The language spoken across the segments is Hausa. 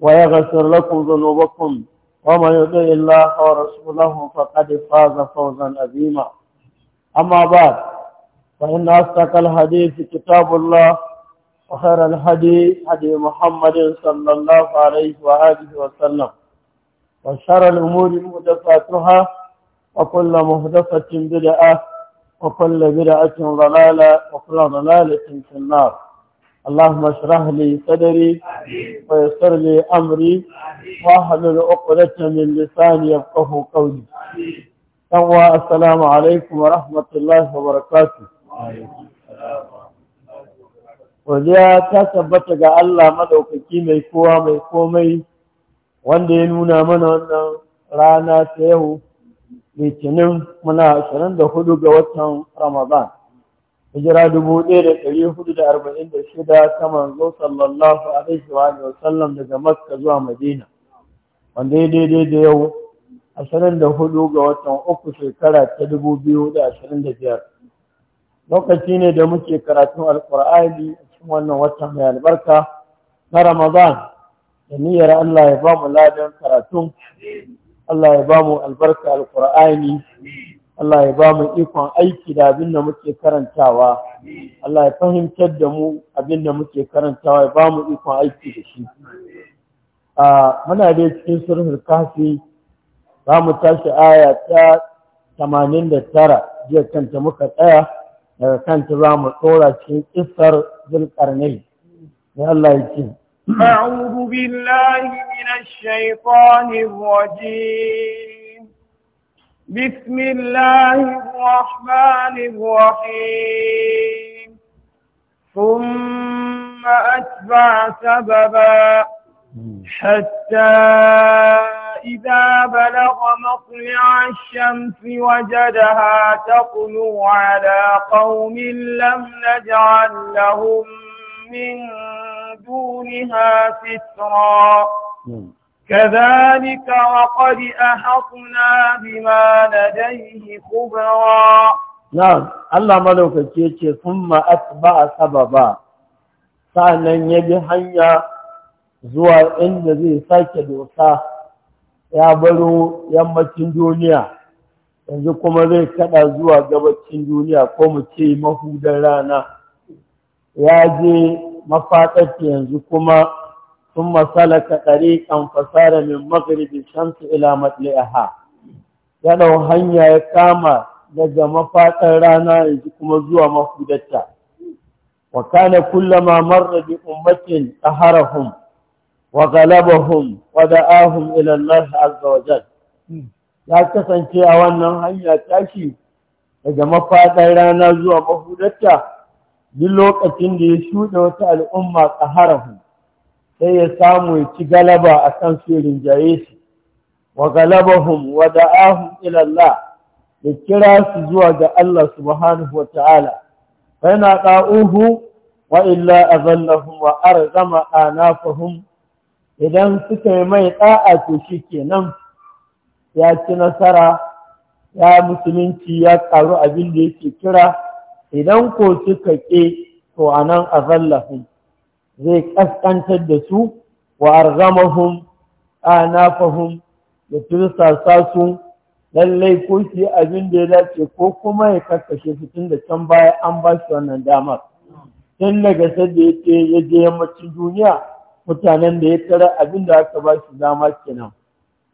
ويغفر لكم ذنوبكم ومن يطع الله ورسوله فقد فاز فوزا عظيما أما بعد فإن أصدق الحديث كتاب الله وخير الحديث هدي محمد صلى الله عليه وآله وسلم وشر الأمور مدفاتها وكل مهدفة بدعة وكل بدعة ضلالة وكل ضلالة في النار اللهم اشرح لي صدري ويسر لي أمري واحلل عقدة من لساني يفقه قولي أهوى السلام عليكم ورحمة الله وبركاته Wajiya ta tabbata ga Allah maɗaukaki mai kowa mai komai wanda ya nuna mana wannan rana ta yau litinin muna 24 ga watan Ramadan. hijira dubu ɗaya da ɗari hudu da arba'in da shida ta manzo sallallahu alaihi wa sallam daga makka zuwa madina wanda ya daidai da yau ashirin da hudu ga watan uku shekara ta dubu biyu da ashirin da biyar lokaci ne da muke karatun Alƙur'ani a cikin wannan watan mai albarka na ramadan da niyyar allah ya ba mu ladan karatun allah ya ba mu albarka alkur'ani Allah ya ba mu ikon aiki da abin da muke karantawa Allah ya fahimtar da mu abin da muke karantawa ya ba mu ikon aiki da shi a muna da cikin surhul kafi za mu tashi aya ta tamanin da tara, jiya kanta muka tsaya daga kanta za mu tsora cikin kissar zulkarnai ya Allah ya ce أعوذ بالله من الشيطان الرجيم بسم الله الرحمن الرحيم ثم أتبع سببا حتى إذا بلغ مطلع الشمس وجدها تطلع على قوم لم نجعل لهم من دونها سترا نعم. كذلك وقد أحطنا بما لديه خبرا نعم الله ملوك كيتي ثم أتبع سببا ya يجي حيا zuwa inda zai sake dosa ya baro yammacin duniya yanzu kuma zai kada zuwa gabacin duniya ko mu ce mahudan rana ya je mafaɗarta yanzu kuma ثم سلك طريقا فسار من مغرب الشمس إلى مطلعها ya hanya ya kama daga mafaɗar rana yanzu kuma zuwa mafudarta wa kana kullama marra bi ummatin qaharahum wa ghalabahum wa da'ahum ila Allah azza wa jalla ya kasance a wannan hanya tashi daga mafaɗar rana zuwa mafudarta duk lokacin da ya shuɗe wata al'umma qaharahum sai ya samu ya ci galaba a kan su rinjaye su wa galabahum wa da'ahum ila Allah ya kira su zuwa ga Allah subhanahu wa ta'ala fa yana da'uhu wa illa azallahum wa arzama anafahum idan suka yi mai da'a to shikenan ya ci nasara ya musulunci ya karu abin da yake kira idan ko suka ke to anan azallahum zai ƙasƙantar da su wa argamahum anafahum da tursasa su lallai ko shi abin da ya dace ko kuma ya karkashe su tun da can baya an ba shi wannan damar tun daga sadda ya ce ya je yammacin duniya mutanen da ya tara abin da aka ba shi dama kenan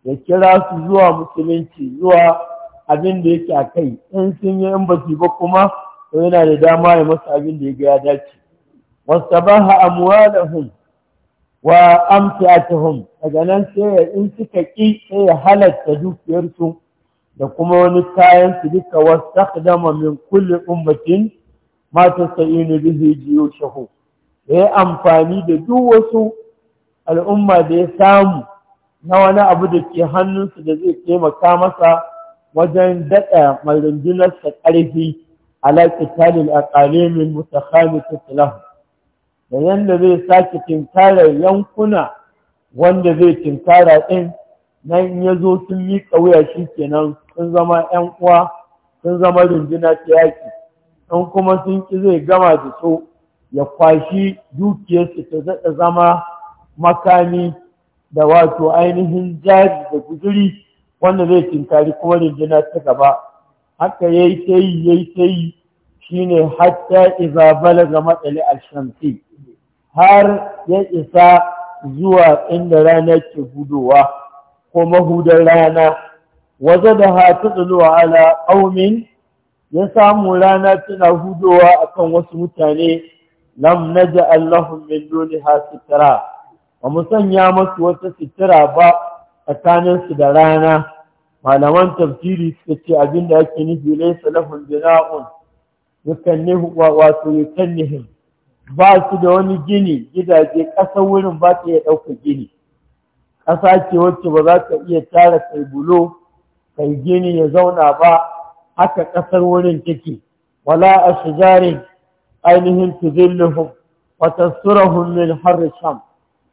ya kira su zuwa musulunci zuwa abin da yake a kai in sun yi in ba ba kuma to yana da dama ya masu abin da ya ga ya dace واستباها أموالهم وأمتعتهم أجنان سيئة إنتك إي سيئة حالة تجوك يرسو لكم ونكاين تلك واستخدم من كل أمة ما تستعين به جيوشه ya amfani da duk wasu al'umma da ya samu na wani abu da ke hannunsu da zai taimaka masa wajen daɗa mai rundunarsa ƙarfi alaƙi talin a ƙalimin mutakhamin da yadda zai sake tinkara yankuna wanda zai tinkara ɗin nan ya zo sun miƙa wuya shi kenan sun zama ‘yan uwa sun zama runduna ta yaƙi in kuma sun ƙi zai gama da so ya kwashi dukiyarsu ta zaɗa zama makami da wato ainihin jari da guduri wanda zai tinkari kuma runduna ta gaba haka ya yi ta yi ya yi ta yi shine hatta iza balaga matsali al-shamsi har ya isa zuwa inda rana ke huduwa ko mahudar rana waje da hatu tsuluwa ala ƙaumin ya samu rana tana huduwa akan wasu mutane lam naja allahum min duniha sitara ba mu sanya masu wata sitara ba tsakaninsu da rana malaman tafsiri suka ce abinda ake nufi laysa lahum jina'un yukannihu wato yukannihim ba su da wani gini gidaje ƙasar wurin ba ta iya ɗauka gini ƙasa ce wacce ba za ka iya tara kai bulo kai gini ya zauna ba haka ƙasar wurin take wala a shigarin ainihin tuzilluhum wa tasurahum min harri sham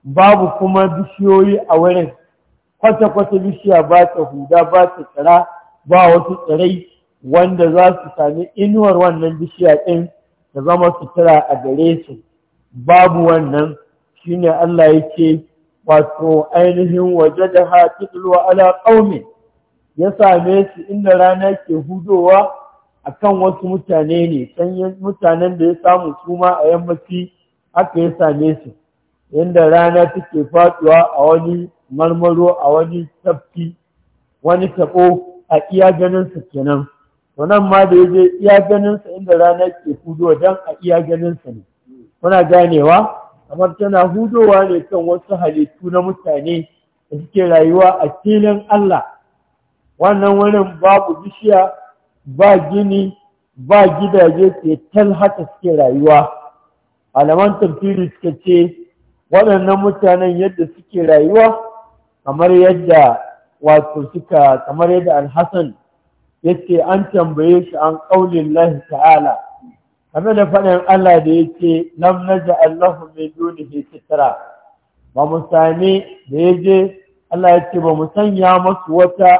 babu kuma bishiyoyi a wurin kwata-kwata bishiya ba ta huda ba ta tsara, ba wasu tsirai wanda za su sami inuwar wannan bishiya ɗin da zama sutura a gare su babu wannan shine Allah ya ce wato ainihin waje da hatidulwa ala ƙaumin ya same su inda rana ke hudowa a kan wasu mutane ne sanyin mutanen da ya samu suma a yammaci haka ya same su inda rana take faɗuwa a wani marmaro a wani tafki wani taɓo a iya ganin su kenan to nan ma da yaje iya ganin sa inda rana ke hudowa dan a iya ganin sa ne muna ganewa kamar tana hudowa ne kan wasu halittu na mutane da suke rayuwa a filin Allah wannan wurin babu bishiya ba gini ba gidaje ke tal haka suke rayuwa alaman tafsiri suka ce waɗannan mutanen yadda suke rayuwa kamar yadda wato suka kamar yadda alhassan yace an tambaye shi an ƙaunin lahi ta'ala game da faɗin Allah da yake lam Allah mai duni ke fitara. ba mu sami da ya je Allah ya ce ba mu sanya masu wata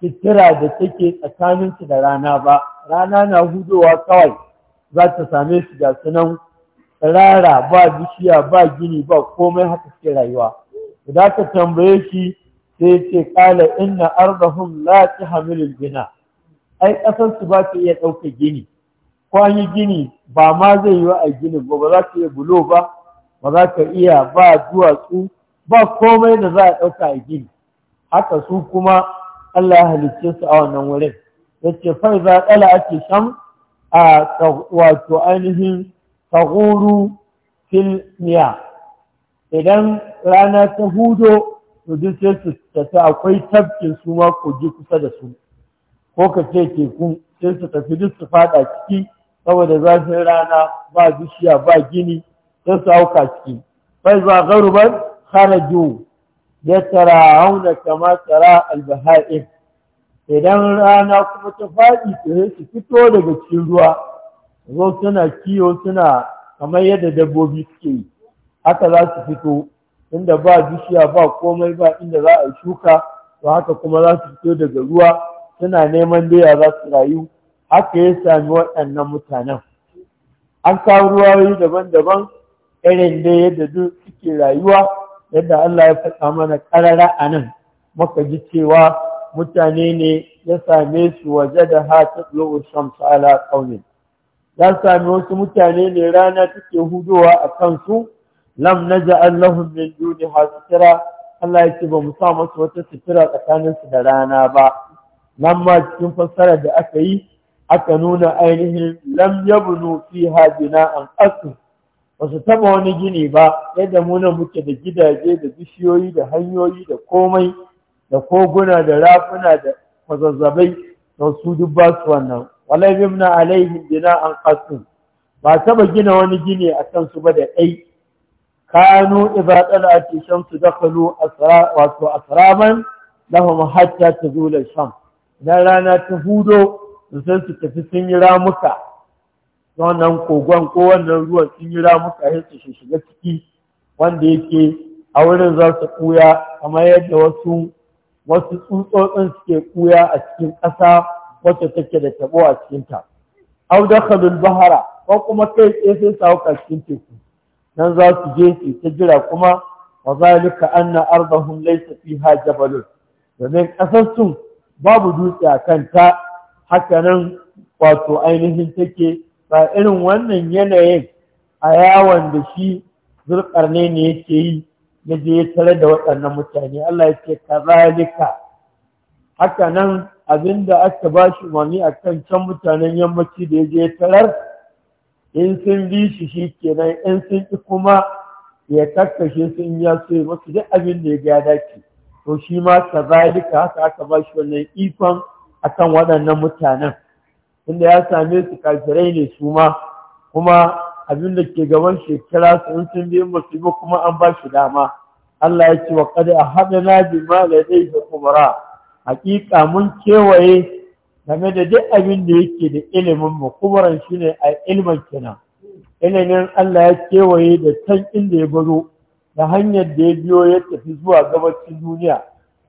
fitira da take tsakanin tsakaninsu da rana ba rana na hudowa kawai za ta same su da sunan rara ba bishiya ba gini ba komai haka suke rayuwa da ka tambaye shi sai ce kala inna ardahum la tahmilu gina. ai ƙasarsu su ba ta iya ɗauka gini ko gini ba ma zai yi a ginin ba ba za ta iya bulo ba ba za ka iya ba duwatsu ba komai da za a ɗauka a gini haka su kuma Allah ya halicce su a wannan wurin ce fai za ɗala ake sham a wato ainihin taguru filmiya. idan rana ta hudo to duk sai su tafi akwai tafkin su ma kogi kusa da su ko ka ce teku sai su tafi duk su fada ciki saboda zafin rana ba bishiya ba gini sai su auka ciki fai za garuban kharaju ya tara hauna kama tara albaha'ir idan rana kuma ta faɗi sai su fito daga cikin ruwa zo suna kiyo suna kamar yadda dabbobi suke yi haka za su fito inda ba bishiya ba komai ba inda za a shuka to haka kuma za su fito daga ruwa suna neman doya za su rayu haka ya sami waɗannan mutanen an kawo ruwayoyi daban-daban irin da yadda duk suke rayuwa yadda Allah ya faɗa mana ƙarara a nan muka ji cewa mutane ne ya same su waje da hata tsohon shamsu ala ƙaunin ya sami wasu mutane ne rana take hudowa a kansu lam na ji lahun min duni ha sutura Allah ya ce ba mu sa masu wata sutura tsakaninsu da rana ba nan ma cikin fassarar da aka yi aka nuna ainihin lam yabnu fiha an asl ba su taba wani gini ba yadda muna muke da gidaje da bishiyoyi da hanyoyi da komai da koguna da rafuna da kwazazzabai da su duk ba su wannan walai bimna alaihim an asl ba taba gina wani gini a kan su ba da ɗai kanu idza tala'at shamsu dakhalu asra wato asraman lahum hatta tazula shams idan rana ta hudo sai su tafi sun yi ramuka wannan kogon ko wannan ruwan sun yi ramuka sai su shiga ciki wanda yake a wurin za su kuya kamar yadda wasu wasu tsutsotsin suke kuya a cikin ƙasa wacce take da tabo a cikinta au dakhalul bahara ko kuma kai tsaye sai su hauka cikin teku nan za su je su ta jira kuma wa zalika anna ardahum laysa fiha jabalun domin ƙasar sun babu dutse a kanta hakanan wato ainihin take ba irin wannan yanayin a yawon da shi zurkarne ne ne yake yi na je ya tare da waɗannan mutane Allah ya ce kazalika hakanan da aka ba shi umarni a kan can mutanen yammaci da ya je ya tarar in sun bi shi shi kenan in sun ki kuma ya kakkashe su in ya so ya masu duk abin da ya ga dace to shi ma kazalika haka aka ba shi wannan ikon kan waɗannan mutanen inda ya same su kafirai ne su ma kuma abin da ke gaban shekara su in sun biyan musulmi kuma an ba shi dama Allah ya ce wa kada a haɗa na bi ma da zai fi kubara Haƙiƙa mun kewaye game da duk abin da yake da ilimin mu kubaran ne a ilimin kenan ilimin Allah ya kewaye da can inda ya bazo Da hanyar da ya biyo ya tafi zuwa gabacin duniya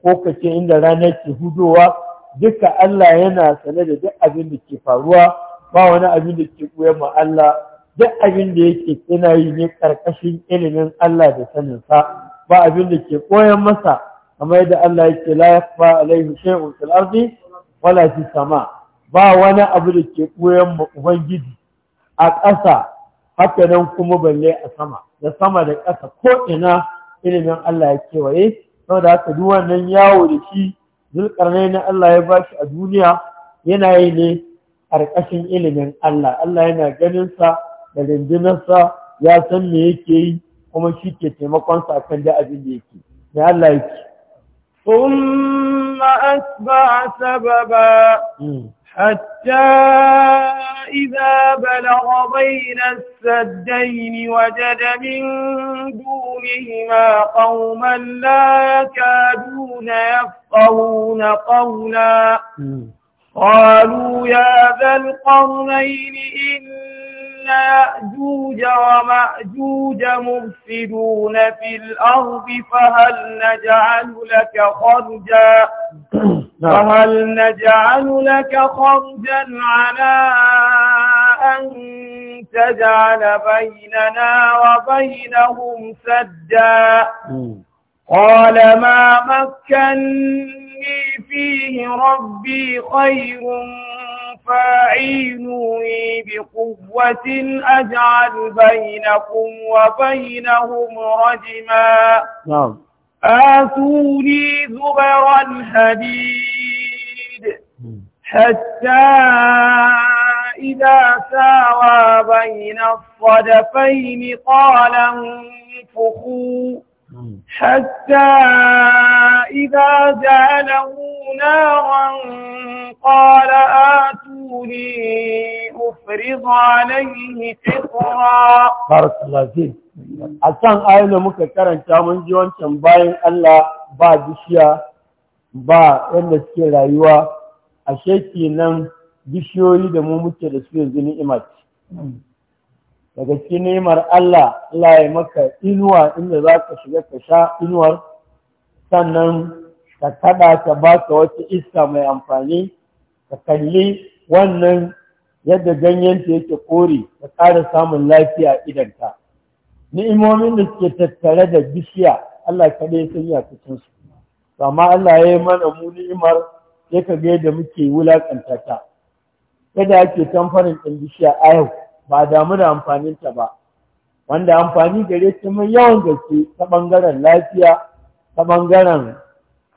ko kace inda rana ke hudowa duka Allah yana sane da duk abin da ke faruwa ba wani abin da ke koyar ma Allah duk abin da yake yana yi ne karkashin ilimin Allah da saninsa ba abin da ke koyar masa kamar yadda Allah yake la yafa alaihi shay'un fil ardi wala fi sama ba wani abu da ke koyar ma ubangiji a ƙasa haka nan kuma balle a sama da sama da ƙasa ko ina ilimin Allah ya kewaye sau da haka duk wannan yawo da shi zulƙarnai na Allah ya ba shi a duniya yana yi ne ƙarƙashin ilimin Allah Allah yana ganin sa da rindinarsa ya san me yake yi kuma shi ke taimakon sa kan da abin da yake Me Allah yake ثم أتبع سببا حتى إذا بلغ بين السدين وجد من دونهما قوما لا يكادون يفقهون قولا قالوا يا ذا القرنين إن إن يأجوج ومأجوج مفسدون في الأرض فهل نجعل لك خرجا نعم. فهل نجعل لك خرجا على أن تجعل بيننا وبينهم سدا قال ما مكني فيه ربي خير فاعينوني بقوة أجعل بينكم وبينهم رجما نعم آتوني زبر الحديد حتى إذا ساوى بين الصدفين قال انفخوا حتى إذا جعله نارا قال آتوني قولي أفرض عليه قطرا بارك الله فيك أكان آية muka karanta mun ji wancan bayan Allah ba bishiya ba yadda suke rayuwa ashe kenan bishiyoyi da mu muke da su yanzu ni'ima daga cikin ni'imar Allah Allah ya maka inuwa inda za ka shiga ka sha inuwar sannan ka kada ka baka wata iska mai amfani ka kalli wannan yadda ganyenta yake kore ta ƙara samun lafiya a idanta ni'imomin da suke tattare da bishiya Allah kaɗai ya sanya cikin su amma Allah ya yi mana mu ni'imar ya ka ga yadda muke wulaƙanta ta yadda ake tamfarin ɗin bishiya a yau ba damu da amfanin ba wanda amfani gare ta mai yawan gaske ta ɓangaren lafiya ta ɓangaren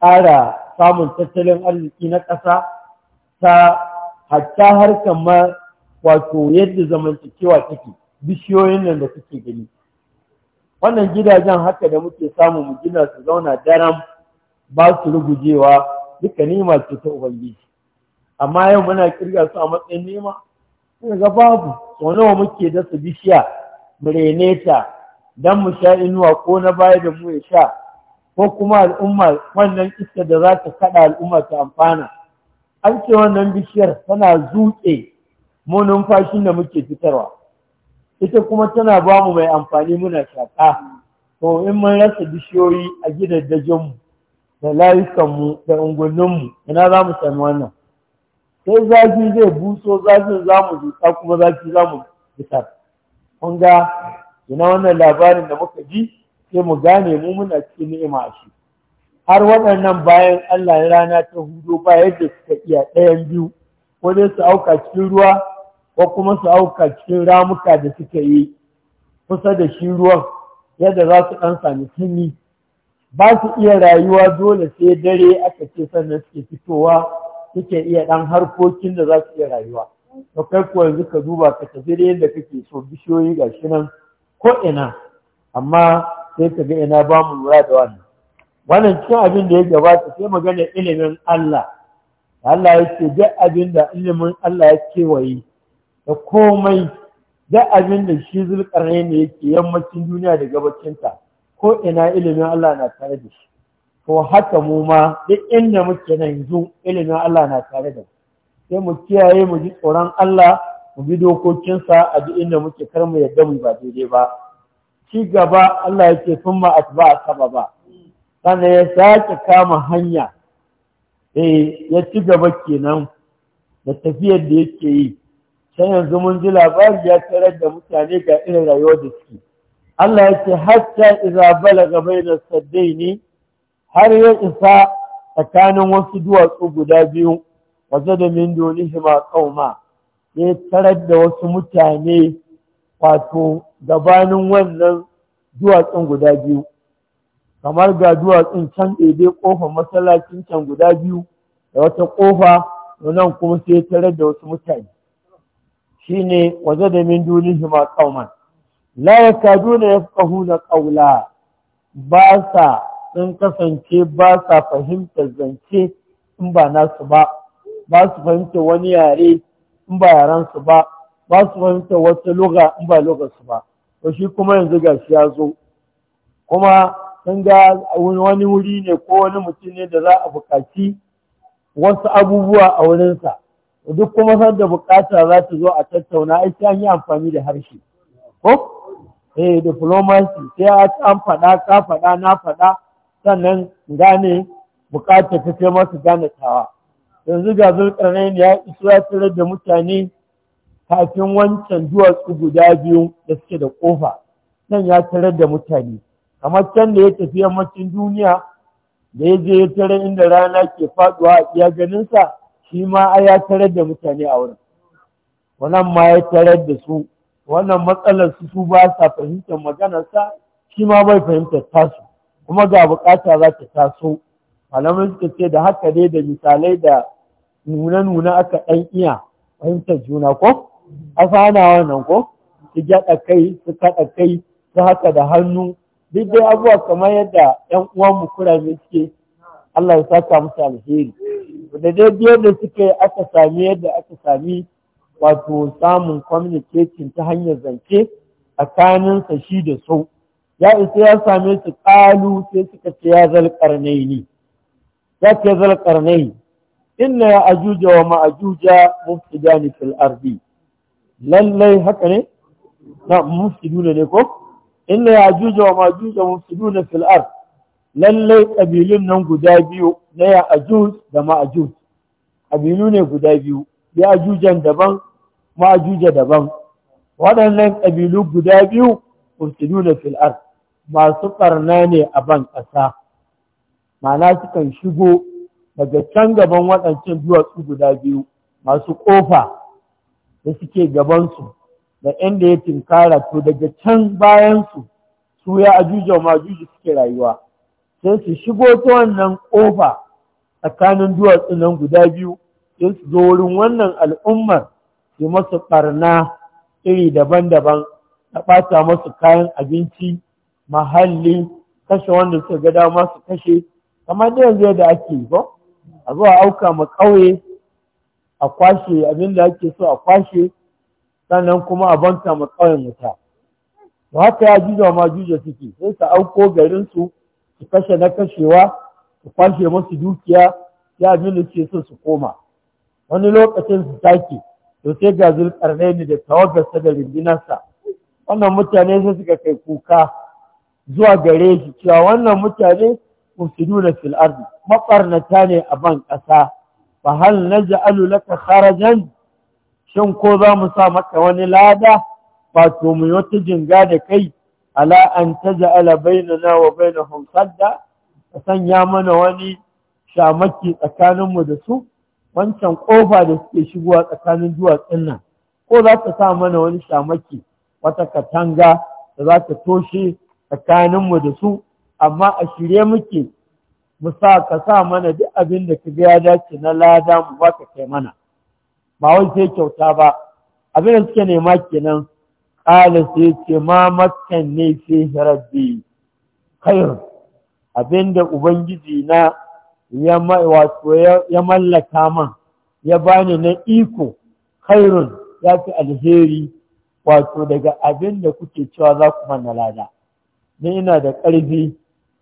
ƙara samun tattalin arziki na ƙasa ta hatta har kamar wato yadda zamantakewa take bishiyoyin nan da suke gani wannan gidajen haka da muke samu mu gina su zauna daram ba su rugujewa duka nema ce ta ubangiji amma yau muna kirga su a matsayin nema sun ga babu sau nawa muke dasa bishiya mu rene don mu sha inuwa ko na baya da mu ya sha ko kuma al'umma wannan iska da za ta kaɗa al'umma ta amfana an ce wannan bishiyar tana zuƙe mu numfashin da muke fitarwa ita kuma tana ba mu mai amfani muna shaƙa to in mun rasa bishiyoyi a gidajenmu da layukanmu da unguwanninmu ina za mu sami wannan sai zafi zai buso zafi za mu zuta kuma zafi za mu fitar kun ga ina wannan labarin da muka ji sai mu gane mu muna cikin ni'ima a shi har waɗannan bayan Allah ya rana ta hudu ba yadda suka iya ɗayan biyu ko dai su auka cikin ruwa ko kuma su auka cikin ramuka da suka yi kusa da shi ruwan yadda za su ɗan sami sanyi ba su iya rayuwa dole sai dare aka ce sannan suke fitowa suke iya ɗan harkokin da za su iya rayuwa to kai ko yanzu ka duba ka tafi da yadda kake so bishiyoyi ga shi nan ko ina amma sai ka ga ina ba mu lura da wannan wannan cikin abin da ya gabata sai magana ilimin Allah Allah ya ce duk abin da ilimin Allah ya kewaye da komai duk abin da shi zulƙarai ne yake yammacin duniya da gabacinta ko ina ilimin Allah na tare da shi to haka mu ma duk inda muke nan yanzu ilimin Allah na tare da mu sai mu kiyaye mu ji tsoron Allah mu bi dokokinsa a duk inda muke kar mu yadda mu ba daidai ba ci gaba Allah yake sun ma atba sababa sannan ya sake kama hanya eh ya ci gaba kenan da tafiyar da yake yi sai yanzu mun ji labari ya tarar da mutane ga irin rayuwa da suke Allah ya ce hatta idza balaga baina saddaini har ya isa tsakanin wasu duwatsu guda biyu waje da min dunihima qauma ya tarar da wasu mutane wato gabanin wannan duwatsun guda biyu kamar ga duwatsun can ɗaiɗai ƙofar masallacin can guda biyu da wata ƙofa nan kuma sai tarar da wasu mutane Shi ne waje da min dunihi ma qauman la yakaduna na ƙaula. ba sa sun kasance ba sa fahimtar zance in ba nasu ba ba su fahimta wani yare in ba yaren su ba ba su fahimta wata loga in ba su ba to shi kuma yanzu gashi ya zo kuma sun ga wani wuri ne ko wani mutum ne da za a buƙaci wasu abubuwa a wurinsa duk kuma san da buƙata za ta zo a tattauna ai an yi amfani da harshe ko eh diplomacy sai an faɗa ka faɗa na faɗa sannan gane buƙatar ta kai masu gane tawa yanzu ga zulƙarnain ya iso ya tarar da mutane kafin wancan duwatsu guda biyu da suke da ƙofa nan ya tarar da mutane kamar can da ya tafi yammacin duniya da ya je ya tare inda rana ke faduwa a iya ganinsa shi ma a ya tare da mutane a wurin wannan ma ya tare da su wannan matsalar su su ba sa fahimtar maganarsa shi ma bai fahimtar tasu kuma ga bukata za ta taso malamai suka ce da haka dai da misalai da nuna-nuna aka ɗan iya fahimtar juna ko a hana wannan ko su gyaɗa kai su kaɗa kai su haka da hannu duk dai abubuwa kamar yadda ‘yan uwanmu kurame suke Allah ya saka musu alheri da dai biyar da suka yi aka sami yadda aka sami wato samun communication ta hanyar zance tsakaninsa shi da sau ya isa ya same su ƙalu sai suka ce ya zalƙarnai ne ya ce zalƙarnai inna ya ajuja wa ma'ajuja mufsidani fil ardi lallai haka ne na mufsiduna ne ko inna yajuja wa majuja mufsiduna fil ard lallai kabilun nan guda biyu na ya ajuj da majuj ƙabilu ne guda biyu ajujan daban ma'ajuja daban waɗannan kabilu guda biyu mufsiduna fil ard masu ƙarna ne a ban ƙasa ma'ana sukan shigo daga can gaban waɗancan duwatsu guda biyu masu ƙofa da suke gabansu da inda ya tinkara to daga can bayansu su ya ajuja wa majuji suke rayuwa sai su shigo ta wannan ƙofa tsakanin duwatsu nan guda biyu sai su zo wurin wannan al'ummar su masu ɓarna iri daban-daban a ɓata masu kayan abinci mahalli kashe wanda suka ga dama su kashe kamar da yanzu yadda ake yi ba a zuwa auka ma ƙauye a kwashe abin da ake so a kwashe sannan kuma a banka ma ƙauyen wuta Ba haka ya juja ma juja suke sai su auko garinsu, su kashe na kashewa su kwashe masu dukiya ya abin da suke su koma wani lokacin su take to sai ga ne da tawagarsa da rindinarsa wannan mutane sai suka kai kuka zuwa gare shi cewa wannan mutane mufsiduna fil fil'ardi Maɓarnata ne a ban ƙasa fa hal naj'alu laka kharajan shin ko za mu sa maka wani lada wato mu wata jinga da kai ala an taj'ala bainana wa bainahum sadda a sanya mana wani shamaki tsakaninmu da su wancan kofa da suke shigowa tsakanin duwatsun nan ko za ka sa mana wani shamaki wata katanga da za ka toshe tsakaninmu da su amma a shirye muke mu sa ka sa mana duk abin da ka ga ya dace na lada mu baka kai mana ba wai sai kyauta ba abin da suke nema kenan ƙala sai ce ma makan ne fi rabbi khair abin ubangiji na ya wato ya mallaka man ya bani na iko khairun ya fi alheri wato daga abin da kuke cewa za ku manna lada ni ina da ƙarfi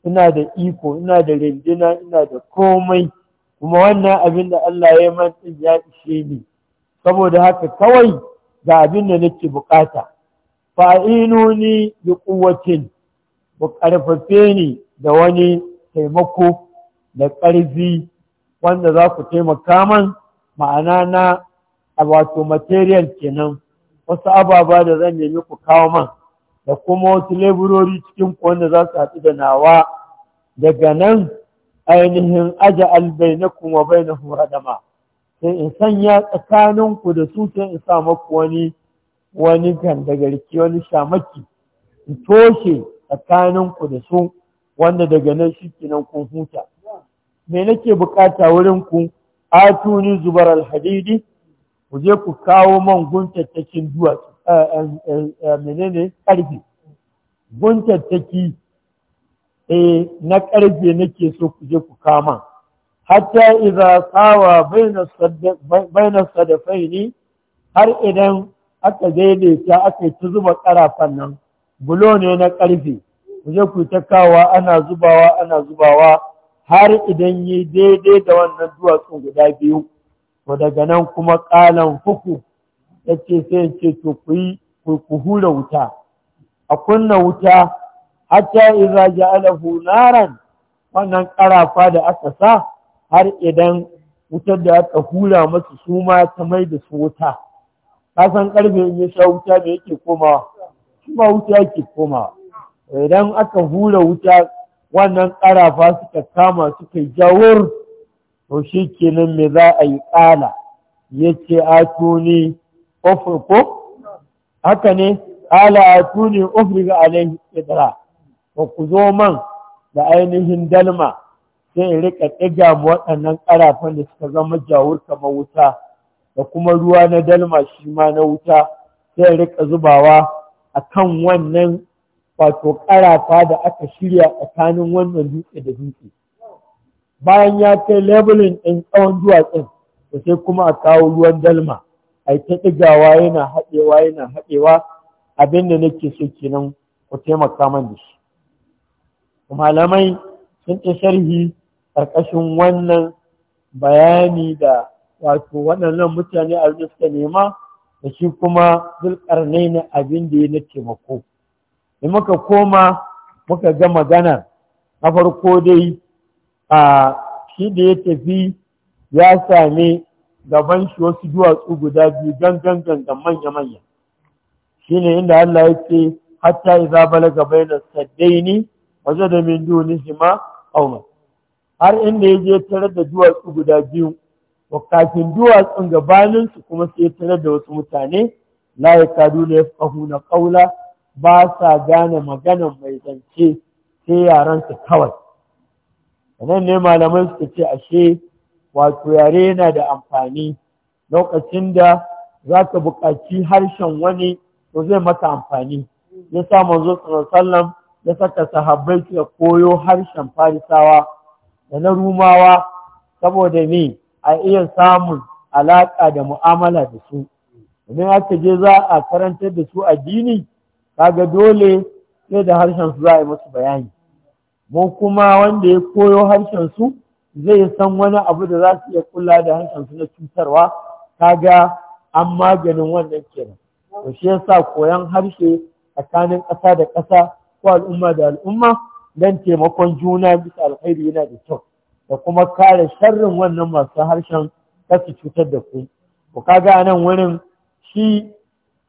ina da iko ina da rindina ina da komai kuma wannan abin da Allah ya yi man ya ishe ni saboda haka kawai ga abin da nake bukata fa'inuni bi quwwatin ku ƙarfafe ni da wani taimako da ƙarfi wanda za ku taimaka man ma'ana na wato material kenan wasu ababa da zan nemi ku kawo man da kuma wasu leburori cikin wanda za su haɗu da nawa daga nan ainihin aja albainakun bai da radama sai in sanya tsakaninku da su sai in sa maku wani wani gandagarki wani shamaki in toshe tsakaninku da su wanda daga nan shi kinan kun huta me nake bukata wurin ku atuni zubar alhadidi ku je ku kawo man guntattakin duwatsu eh, eh, eh, menene karfe guntattaki eh na karfe nake so ku je ku kama hatta iza tsawa bainar sadafai ne har idan aka daidaita aka ta zuba karafan nan bulo ne na ƙarfe kuje ku ta kawa ana zubawa ana zubawa har idan yi daidai da wannan duwatsun guda biyu to daga nan kuma ƙalan huku ya ce sai ya ce ku yi ku hura wuta a kunna wuta hatta iza ja'alahu naran wannan ƙarafa da aka sa har idan wutar da aka hula masu suma ta mai da su wuta kasan ƙarfe in ya sha wuta da yake komawa shi ma wuta yake komawa idan aka hula wuta wannan ƙarafa suka kama suka jawur to shi kenan me za a yi ƙala ya ce a tuni ko haka ne ƙala a tuni ofirga alaihi ƙidra ba ku zo man da ainihin dalma sai ya rika ɗiga waɗannan ƙarafan da suka zama jawur kamar wuta da kuma ruwa na dalma shi ma na wuta sai ya rika zubawa a kan wannan wato ƙarafa da aka shirya tsakanin wannan dutse da dutse bayan ya kai labulin ɗin tsawon duwatsun da sai kuma a kawo ruwan dalma a yi ta ɗigawa yana haɗewa yana haɗewa abin da nake so kenan ku taimaka man da shi malamai sun ƙi sharhi ƙarƙashin wannan bayani da wato waɗannan mutane a suka nema da shi kuma ne na abin da ya na taimako da muka koma muka ga magana na farko dai a shi da ya tafi ya same gaban shi wasu duwatsu guda biyu gangan gangan manya-manya shi ne inda Allah ya ce hatta gaba da, saddai ne, waje da min duni ma, aumar har inda ya je tarar da duwatsu guda biyu wa kafin duwatsun gabanin su kuma sai tarar da wasu mutane la fahu na qawla ba sa gane maganan mai zance sai yaran su kawai nan ne malaman suka ce ashe wato yare yana da amfani lokacin da za ka buƙaci harshen wani to zai maka amfani ya sa manzo sallam ya saka sahabbai suka koyo harshen farisawa da na rumawa saboda ni a iya samun alaƙa da mu'amala da su idan aka je za a karantar da su addini kaga dole sai da harshen su za a yi musu bayani mu kuma wanda ya koyo harshen su zai san wani abu da za su iya kula da harshen su na cutarwa kaga an maganin wannan kenan to shi yasa koyan harshe tsakanin ƙasa da ƙasa ko al'umma da al'umma dan taimakon juna bisa alkhairi yana da kyau da kuma kare sharrin wannan masu harshen kasu cutar da ku ku kaga a nan wurin shi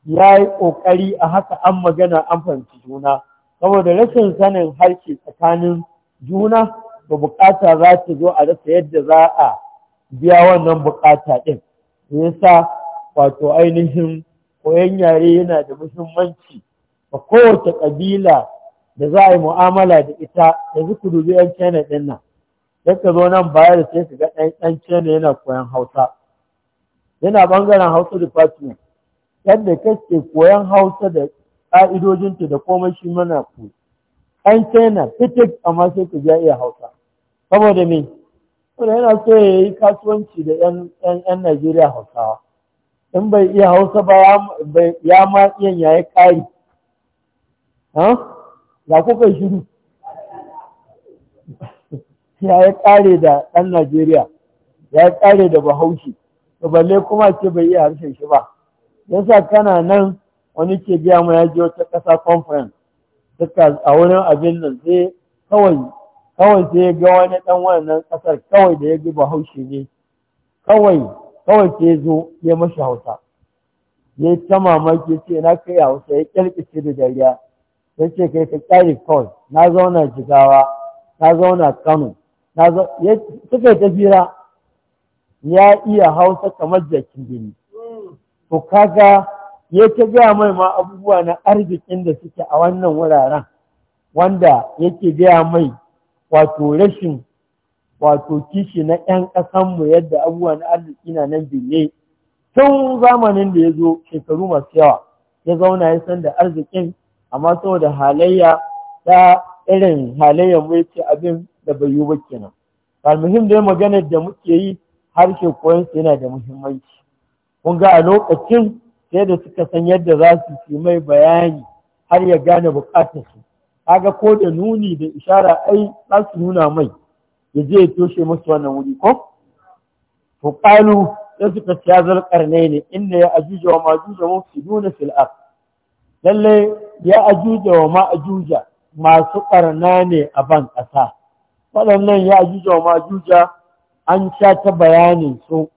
ya yi ƙoƙari a haka an magana an fahimci juna saboda rashin sanin harshe tsakanin juna ba buƙata za ta zo a rasa yadda za a biya wannan bukata ɗin Me ya yasa wato ainihin koyon yare yana da muhimmanci a kowace ƙabila da za a yi mu'amala da ita da ku dubi yan China ɗin nan sai ka zo nan baya da sai ka ga dan China yana koyan Hausa yana bangaren Hausa da department yadda kake koyan Hausa da ƙa'idojinta da komai shi mana ku ɗan China fitik amma sai ka ja iya Hausa saboda me wanda yana so ya yi kasuwanci da ‘yan Najeriya Hausawa in bai iya Hausa ba ya ma iya yayi ƙari ga kuka shiru ya ya kare da ɗan Najeriya ya kare da bahaushe to balle kuma ce bai iya harshen shi ba yasa kana nan wani ke biya mu ya je wata ƙasa conference duka a wurin abin nan sai kawai kawai sai ya ga wani ɗan wannan ƙasar kawai da ya ji bahaushe ne kawai kawai sai ya zo ya mashi hausa ya ta mamaki ce na kai hausa ya kyalkice da dariya ya ce kai ka kyari kawai na zauna jigawa na zauna kano na suka ta fira ya iya hausa kamar jakin gini to kaga ya ta gaya mai ma abubuwa na arzikin da suke a wannan wuraren wanda yake gaya mai wato rashin wato kishi na 'yan ƙasanmu yadda abubuwa na arziki na nan biye tun zamanin da ya zo shekaru masu yawa ya zauna ya san da arzikin amma saboda halayya ta irin halayyar mu yake abin da bai yi ba kenan da dai maganar da muke yi harshe koyon yana da muhimmanci kun ga a lokacin sai da suka san yadda za su yi mai bayani har ya gane su, kaga ko da nuni da ishara ai za su nuna mai ya je ya toshe musu wannan wuri ko to qalu sai suka ce ya zal ne inda ya ajuja wa majuja mufsiduna nuna fil'ar lallai. ya ajuja wa ma'ajuja masu ƙarna ne a ban ƙasa waɗannan ya ajuja wa ma'ajuja an sha ta bayanin su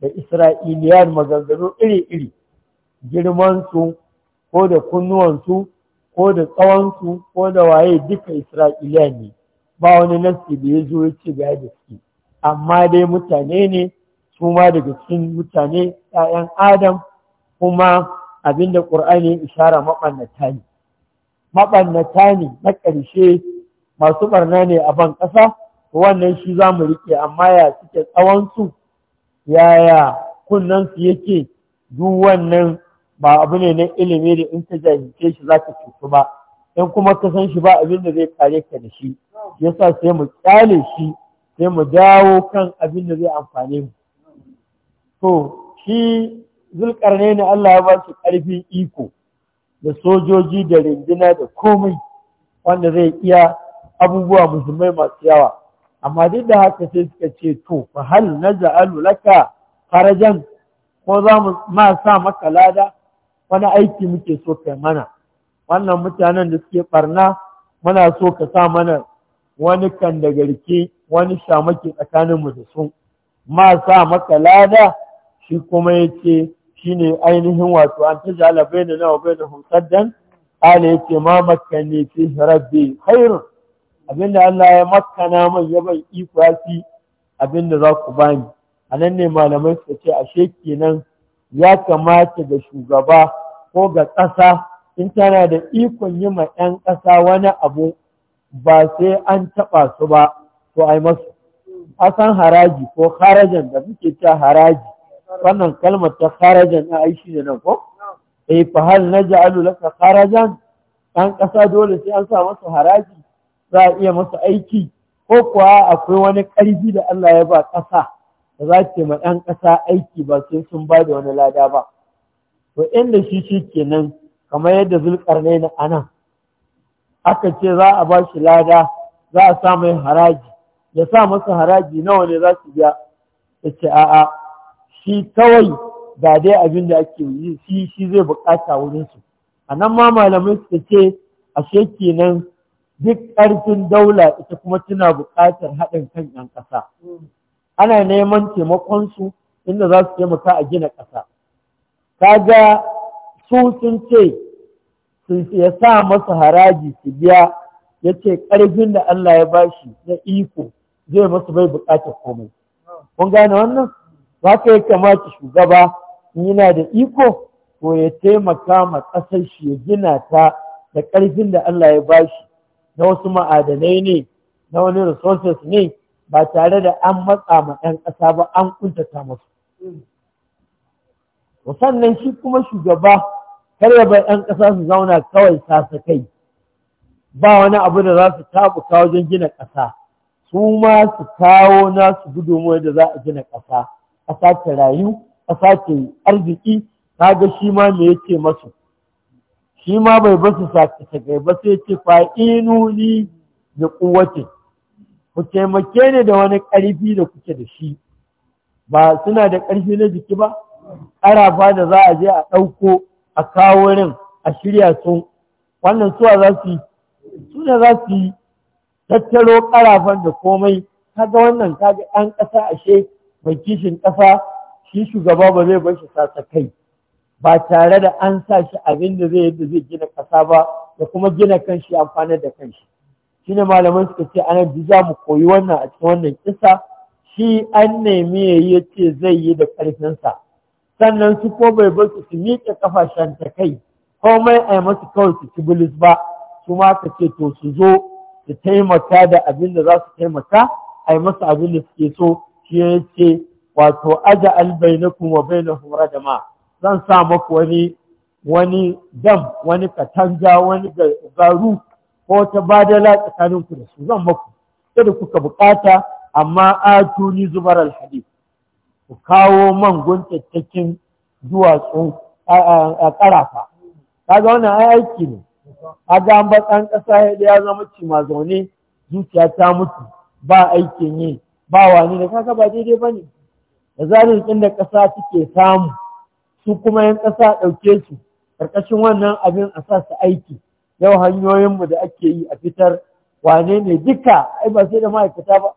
da isra'iliyar maganganu iri-iri girmansu ko da kunnuwansu ko da tsawonsu ko da waye duka isra'iliya ne ba wani nasi da ya zo ya ce ga da su, amma dai mutane ne su ma daga cikin mutane 'ya'yan adam kuma abinda ƙur'ani ishara maɓannata ne maɓannata ne na ƙarshe masu ɓarna ne a ban ƙasa wannan shi za mu riƙe amma ya suke tsawonsu yaya kunnensu yake duk wannan ba abu ne na ilimi da in ka jahilce shi za ka cutu ba in kuma ka san shi ba abin da zai kare ka da shi yasa sai mu ƙyale shi sai mu dawo kan abin da zai amfane mu to shi zulkarne ne Allah ya ba su ƙarfin iko da sojoji da rindina da komai wanda zai iya abubuwa musulmai masu yawa amma duk da haka sai suka ce to fa hal naj'alu laka farajan ko za mu ma sa maka lada wani aiki muke so kai mana wannan mutanen da suke ɓarna muna so ka sa mana wani kan da garke wani shamaki mu da su ma sa maka lada shi kuma ya ce shine ainihin wato an ta jala nawa na wa baina hum saddan ala ce ma makkani fi rabbi khair abinda Allah ya makkana min ya ban iko fi abinda za ku bani anan ne malamai su ce ashe kenan ya kamata ga shugaba ko ga ƙasa in tana da ikon yi ma 'yan ƙasa wani abu ba sai an taɓa su ba to ai masu asan haraji ko harajan da muke ta haraji wannan kalmar ta kharajan na aishi da nan ko eh fa hal naj'alu laka kharajan Ɗan kasa dole sai an sa masa haraji za a iya masa aiki ko kuwa akwai wani ƙarfi da Allah ya ba ƙasa da za ce ma dan kasa aiki ba sai sun ba da wani lada ba to inda shi shi kenan kamar yadda na anan aka ce za a ba shi lada za a sa mai haraji ya sa masa haraji nawa ne za su biya ta ce a'a shi kawai ga dai abin da ake yi shi shi zai bukata wurin su a nan ma malamai suka ce ashe nan duk ƙarfin daula ita kuma tana buƙatar haɗin kan 'yan ƙasa ana neman taimakonsu inda za su taimaka a gina ƙasa kaga su sun ce sun ya sa masa haraji su biya ya ce ƙarfin da Allah ya bashi na iko zai masu bai buƙatar komai kun gane wannan za ka yi kamata shugaba yana da iko ko ya taimaka ma ƙasar shi ya gina ta da ƙarfin da Allah ya bashi na wasu ma'adanai ne na wani resources ne ba tare da an matsa ma ɗan ƙasa ba an kuntata masu. Sannan shi kuma shugaba kar ya bai ɗan ƙasa su zauna kawai sasa kai ba wani abu da za su kawo wajen gina ƙasa su ma su kawo nasu gudunmuwa da za a gina ƙasa. a sake rayu a sake arziki kaga shi ma me yake masu shi ma bai basu sake take ba sai ce fa inuni da kuwace ku taimake ni da wani ƙarfi da kuke da shi ba suna da ƙarfi na jiki ba ƙarafa da za a je a ɗauko a kawo rin a shirya sun wannan suwa za su yi suna za su yi tattaro ƙarafan da komai kaga wannan kaga ɗan ƙasa ashe mai kishin ƙafa shi shugaba ba zai bar shi sasa kai ba tare da an sa shi abin da zai yadda zai gina ƙasa ba da kuma gina kanshi amfani da kanshi shi ne malaman suka ce anan duk za mu koyi wannan a cikin wannan kisa shi an nemi ya yi ce zai yi da ƙarfinsa sannan su ko bai bar su su miƙe ƙafashen ta kai komai a yi masu kawai su ci bilis ba su ma ka ce to su zo su taimaka da abin da za su taimaka a yi masu abin da suke so shi ya ce wato aja na hura da ma. zan sa maku wani wani dam wani katanga wani garu ko ta badala tsakanin ku da su zan maku da kuka bukata amma a atuni zubar alhadi ku kawo man guntattakin duwatsu a karafa kaga wannan ai aiki ne kaga an ba ɗan ƙasa ya zama cima zaune zuciya ta mutu ba aikin yi ba wani ne kaka ba daidai ba ne da zarin da ƙasa suke samu su kuma yan ƙasa ɗauke su ƙarƙashin wannan abin a sa su aiki yau hanyoyinmu da ake yi a fitar wane ne duka ai ba sai da ma'aikata ba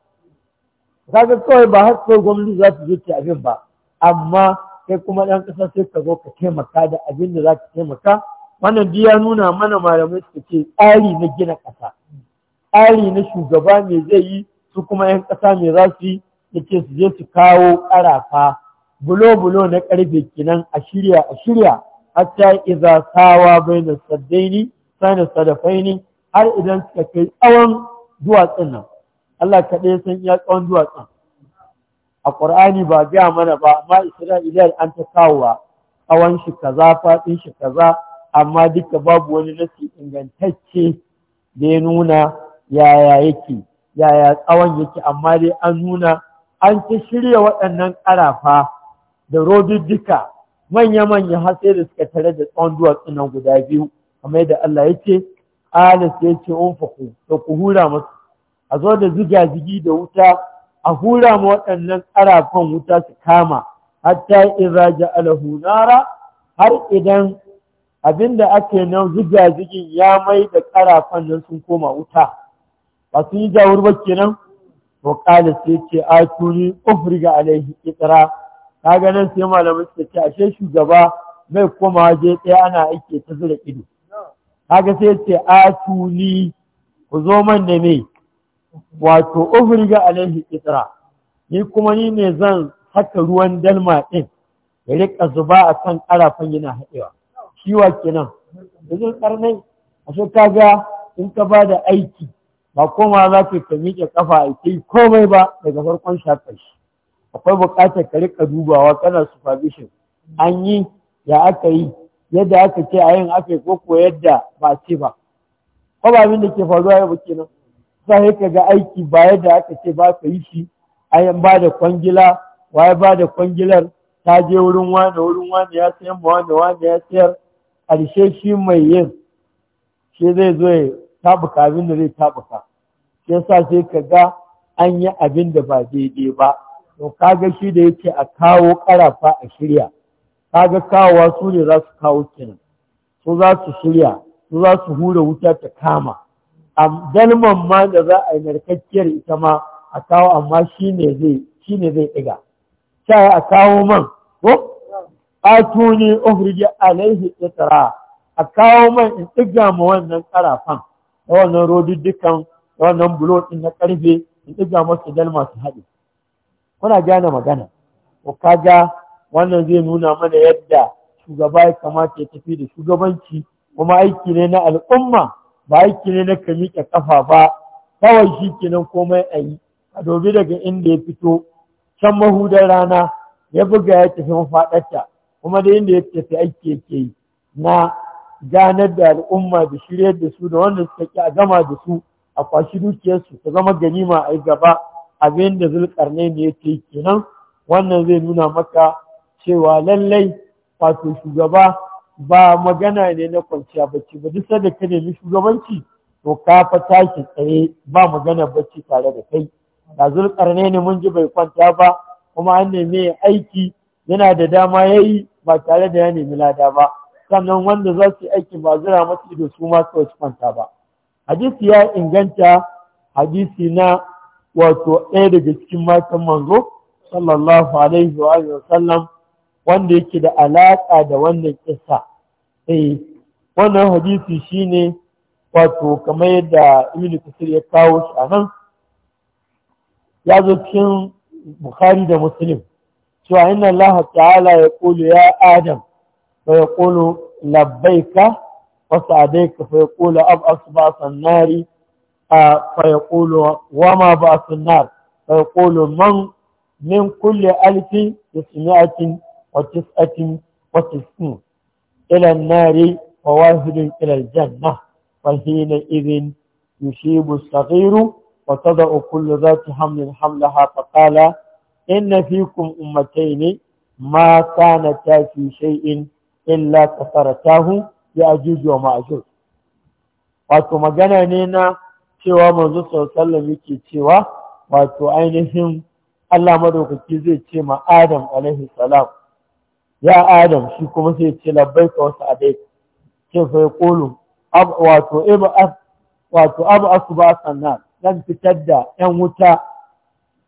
kaga kawai ba har kawai gwamnati za su zuci abin ba amma kai kuma ɗan ƙasa sai ka zo ka taimaka da abin da za ka taimaka wannan duk ya nuna mana malamai suke tsari na gina ƙasa tsari na shugaba me zai yi su kuma 'yan ƙasa mai za su yi yake su je su kawo ƙarafa bulo-bulo na ƙarfe kinan a shirya a shirya hatta iza sawa bai na saddaini sanin sadafaini har idan suka kai tsawon duwatsun nan Allah kaɗai san iya tsawon duwatsun a ƙur'ani ba biya mana ba amma isra'iliyar an ta wa tsawon shi kaza faɗin shi kaza amma duka babu wani nasi ingantacce da ya nuna yaya yake yaya tsawon yake amma dai an nuna an ci shirya waɗannan ƙarafa da rodudduka manya-manya har sai da suka tare da tsawon duwatsu nan guda biyu kamar yadda Allah ya ce alis ya ce faku da ku hura masu a zo da zigazigi da wuta a hura ma waɗannan ƙarafan wuta su kama hatta idza alahu nara har idan abinda ake nan zigazigin ya mai da ƙarafan nan sun koma wuta ba sun yi jawur ba kenan to kala sai ce a tuni ufriga alaihi Ka kaga nan sai malamai ta ce ashe shugaba mai koma je ɗaya ana aike ta zura ido kaga sai ce a tuni ku zo man da me wato ufriga alaihi kitra ni kuma ni ne zan haka ruwan dalma ɗin ya rika zuba a kan ƙarafan yana haɗewa kiwa kenan yanzu ƙarnai Ashe kaga in ka ba da aiki ba koma za ka ta miƙe kafa a ke komai ba daga farkon shafar shi akwai buƙatar ka rika dubawa kana supervision an yi ya aka yi yadda aka ce a yin aka yi ko ko yadda ba ce ba ko ba abin da ke faruwa yau kenan sai ka ga aiki ba yadda aka ce ba ka yi shi A yan ba da kwangila waye ba da kwangilar ta je wurin wani, wurin wani ya sayar ba wani wani ya sayar ƙarshe shi mai yin shi zai zo ya tabuka abin da zai tabuka shi ya sai ka ga an yi abin da ba daidai ba to kaga shi da yake a kawo karafa a shirya kaga kawowa su ne za su kawo kenan su za su shirya su za su hura wuta ta kama dalman ma da za a yi narkakkiyar ita ma a kawo amma shi ne zai shi ne zai ɗiga sai a kawo man ko atuni uhrija alaihi itra a kawo man in ɗiga ma wannan ƙarafan. da wannan dukkan, da wannan bulot ɗin na ƙarfe in ɗiga masu dalma su haɗe kuna gane magana ko kaga wannan zai nuna mana yadda shugaba ya kamata ya tafi da shugabanci kuma aiki ne na al'umma ba aiki ne na ka miƙa ƙafa ba kawai shi kenan komai a yi a dobi daga inda ya fito can mahudar rana ya buga ya tafi mafaɗarta kuma da inda ya tafi aiki yake yi na ganar da al'umma da shiryar da su da wanda suka ki a gama da su a kwashi dukiyarsu ta zama ganima a gaba abin da zulkarnai ne yake kenan wannan zai nuna maka cewa lallai wato shugaba ba magana ne na kwanciya bacci ba duk sanda ka nemi shugabanci to ka fa tashi tsaye ba magana bacci tare da kai da zulƙar ne mun ji bai kwanta ba kuma an nemi aiki yana da dama ya yi ba tare da ya nemi lada ba sannan wanda za su yi aikin ba zira masu da su ma su kwanta ba hadisi ya inganta hadisi na wato ɗaya daga cikin matan manzo sallallahu alaihi wa sallam wanda yake da alaƙa da wannan kisa. eh wannan hadisi shine wato kamar yadda ibnu kasir ya kawo shi a nan ya zo cikin bukhari da muslim cewa inna allaha ta'ala ya qulu ya adam فيقول لبيك وسعديك فيقول أبأس بأس النار فيقول وما بأس النار فيقول من من كل ألف تسعمائة وتسعة وتسعين إلى النار وواهد إلى الجنة وحينئذ يشيب الصغير وتضع كل ذات حمل حملها فقال إن فيكم أمتين ما كانتا في شيء illa kafaratahu ya ajuju wa ma'ajur wato magana ne na cewa manzo sallallahu yake cewa wato ainihin Allah madaukaki zai ce ma Adam alaihi salam ya Adam shi kuma sai ce labbaika wa sa'adaik ce fa yaqulu ab wato ib'ath wato abu asuba sanna zan fitar da ‘yan wuta,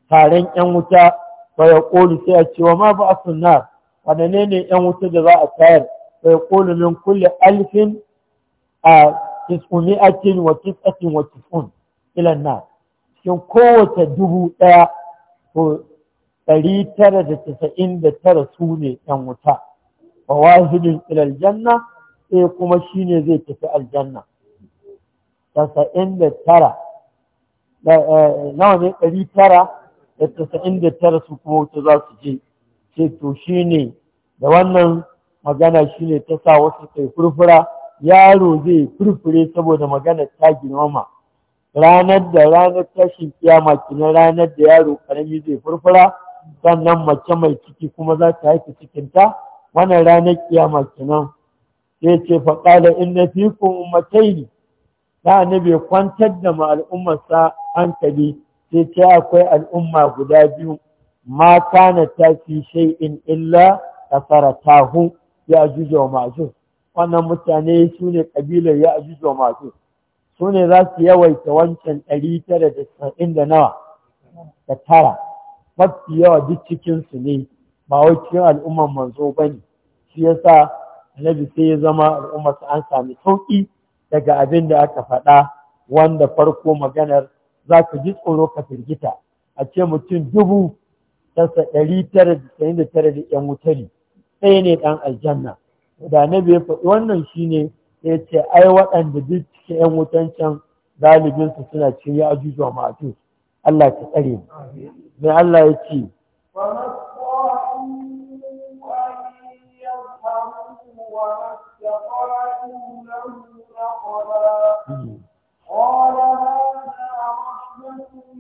taron ‘yan wuta fa ya ƙoli sai a cewa ma ba sunna waɗanne ne ‘yan wuta da za a tayar sai kulu min kulle alfin a tis'umi'atin wa tis'atin wa tis'un ilan na cikin kowace dubu ɗaya ko ɗari tara da tasa'in da tara su ne ‘yan wuta wa wahidin ilal janna sai kuma shi ne zai tafi aljanna tasa'in da tara eh, nawa ne ɗari tara da tasa'in da tara su kuma wuta za su je ce to shine da wannan magana shine ta sa wasu kai furfura yaro zai furfure saboda magana ta girmama ranar da ranar tashin kiyama kinan ranar da yaro karami zai furfura sannan mace mai ciki kuma za ta haifi cikinta wannan ranar kiyama kinan sai ce faƙala fi ku matsayi ta annabi kwantar da ma al'ummarsa hankali sai ce akwai al'umma guda biyu ma kana ta fi in illa tahu ya ajuja wa wannan mutane su ne kabilar ya ajuja wa su ne za su yawaita wancan ɗari tara da nawa da tara mafi yawa duk cikinsu ne ba wai al'ummar al'umman manzo ba ne shi sa annabi sai ya zama al'ummar an sami sauƙi daga abin da aka faɗa wanda farko maganar za ka ji tsoro ka firgita a ce mutum dubu ɗansa ɗari tara da da tara da ƴan wutari ɗaya ne ɗan aljanna da na ya faɗi wannan shi ne ya ce ai waɗanda duk cikin ‘yan wutan can galibinsu suna cin ya ajujuwa ma'ajus Allah ta tsare mu mai Allah ya ce قال هذا رحمة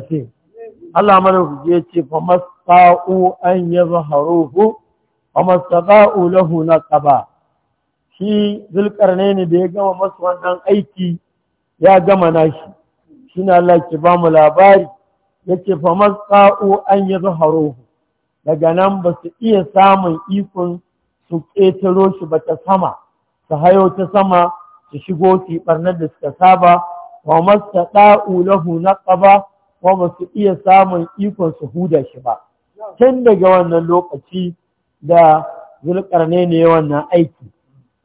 ya ce ملوك جيتي an استطاعوا أن يظهروه وما lahu na ƙaba shi ne da ya gama masu wannan aiki ya gama nashi shi na Allah ki ba mu labari ya ce fa matsa'u an yi zaharohu daga nan ba su iya samun ikon su ƙetaro shi ba ta sama su hayo ta sama su shigo su ɓarnar da suka saba wa matsa'u lahu na ƙaba ko ba su iya samun ikon su huda shi ba tun daga wannan lokaci da zulkarne ne wannan aiki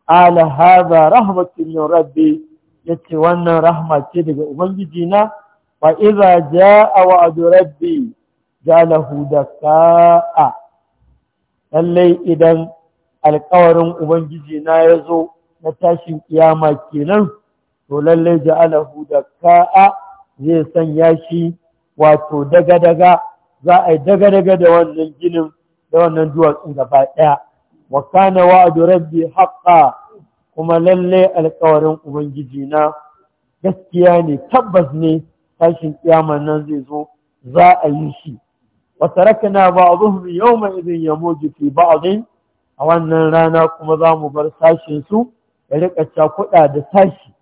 ala haza rahmatun min rabbi yace wannan rahma ce daga ubangiji na fa idza jaa wa'du rabbi jalahu dakaa lallai idan alƙawarin ubangiji na ya zo na tashin kiyama kenan to lallai ja'alahu ka'a zai sanya shi wato daga-daga za a yi daga-daga da wannan ginin da wannan duwatsun gaba ɗaya wa kana wa'adu rabbi haƙa kuma lalle alƙawarin ubangiji na gaskiya ne tabbas ne tashin kiyama nan zai zo za a yi shi wa yau mai izin ya moji fi ba a zai? A wannan rana kuma za mu bar sashen su ya rika cakuɗa da sashi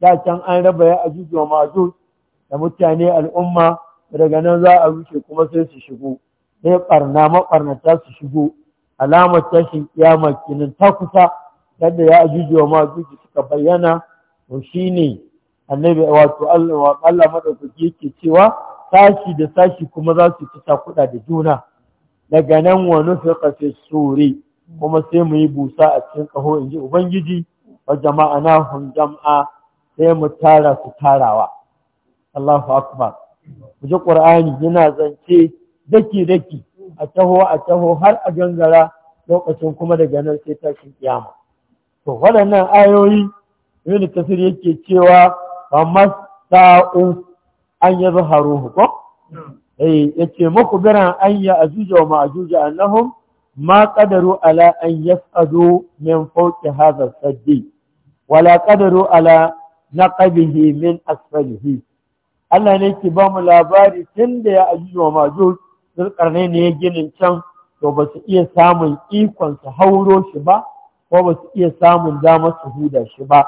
da can an raba ya ajuju wa da mutane al'umma daga nan za a rushe kuma sai su shigo sai barna maɓarnata su shigo alamar tashin kiyama kinin ta kusa yadda ya ajuji wa majuji suka bayyana to shine annabi wato Allah Allah madaukaki yake cewa sashi da sashi kuma za su fita kuɗa da juna daga nan wa nufiqa fi suri kuma sai mu yi busa a cikin kaho ji, ubangiji wa hun jama'a. sai mu tara su tarawa Allahu akbar mu ji yana zance daki daki a taho a taho har a gangara lokacin kuma daga nan sai tashin kiyama to waɗannan ayoyi yin tafir yake cewa fa masa'u an yazharuhu ko eh yace maku biran an a ajuja wa ma'ajuja annahum ma ƙadaru ala an yasadu min fawqi hazar as wala ƙadaru ala ƙabihi min asfalihi Allah ne ke ba mu labari tun da ya aji wa majus zurkarnai ne ya ginin can ko ba su iya samun ikon su hauro shi ba ko ba su iya samun damar su huda shi ba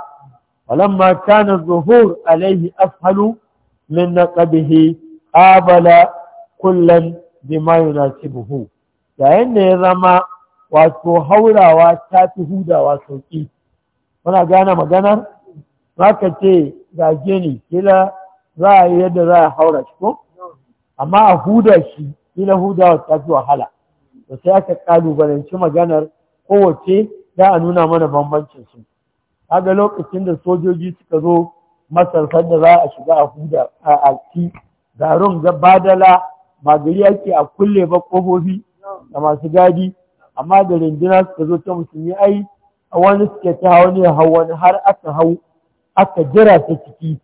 falamma kana zuhur alaihi afhalu min naqabihi qabala kullan bima yunasibuhu yayin da ya zama wato haurawa ta fi hudawa sauƙi muna gane maganar za ce ga gini kila za a yi yadda za a haura shi ko amma a huda shi ila huda ta fi wahala da sai aka kalubalanci maganar kowace za a nuna mana bambancin su kaga lokacin da sojoji suka zo masar sanda za a shiga a huda a ci garin badala magari ake a kulle ba kofofi da masu gadi amma da rindina suka zo ta musulmi ai wani suke ta hau ne hau wani har aka hau aka jira ta ciki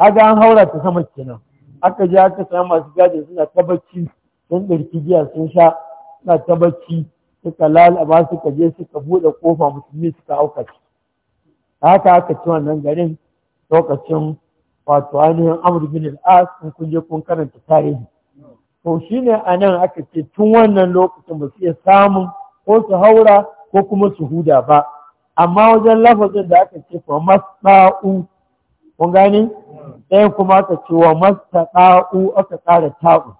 kaga an haura ta sama kenan aka je aka sa masu gadi suna ta bacci sun ɗirki giya sun sha suna ta bacci suka lalaba suka je suka buɗe kofa musulmi suka auka ci haka aka ci wannan garin lokacin wato ainihin amur bin al'as in kun je kun karanta tarihi to shine a nan aka ce tun wannan lokacin ba su iya samun ko su haura ko kuma su huda ba amma wajen lafazin da aka ce fa masba'u kun ɗaya kuma aka ce wa ɗa’u aka ƙara ta'u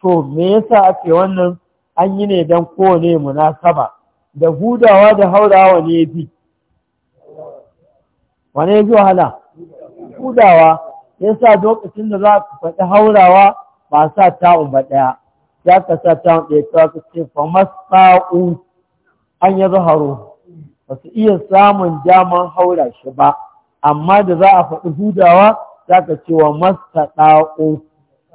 to me yasa ake wannan an yi ne don kowane munasaba da hudawa da haurawa ne bi wane ya wahala hudawa sa lokacin da za ka faɗi haurawa ba sa ta'u ba ɗaya ya ka sa ta’u ɗaya ta ka ce fa mastaɗa'u an yi zaharo ba su iya samun daman haura shi ba amma da za a faɗi hudawa za ka ce wa masta ɗa'o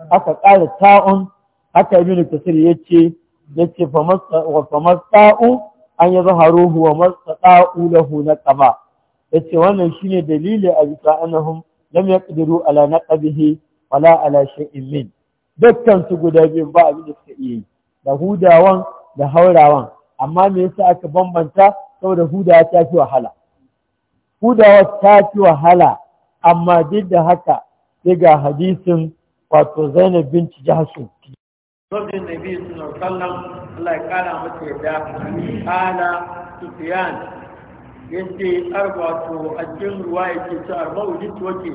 aka ƙara ta'un haka ibn kasir ya ce ya ce fa masta'u an ya zaharo huwa masta'u lahu na ƙaba ya ce wannan shine dalili a bisa anahum lam yaqdiru ala naqabihi wala ala shay'in min dukkan su guda biyu ba abin da suka iya yi da hudawan da haurawan amma me yasa aka bambanta saboda hudawa ta fi wahala hudawa ta fi wahala amma duk da haka sai ga hadisin wato zainab binti jahashin Sojin Nabi Sallallahu Alaihi Allah ya kara mata yadda kala Sufiyan yace arwato a cikin ruwa ya yake ta arba'u litwake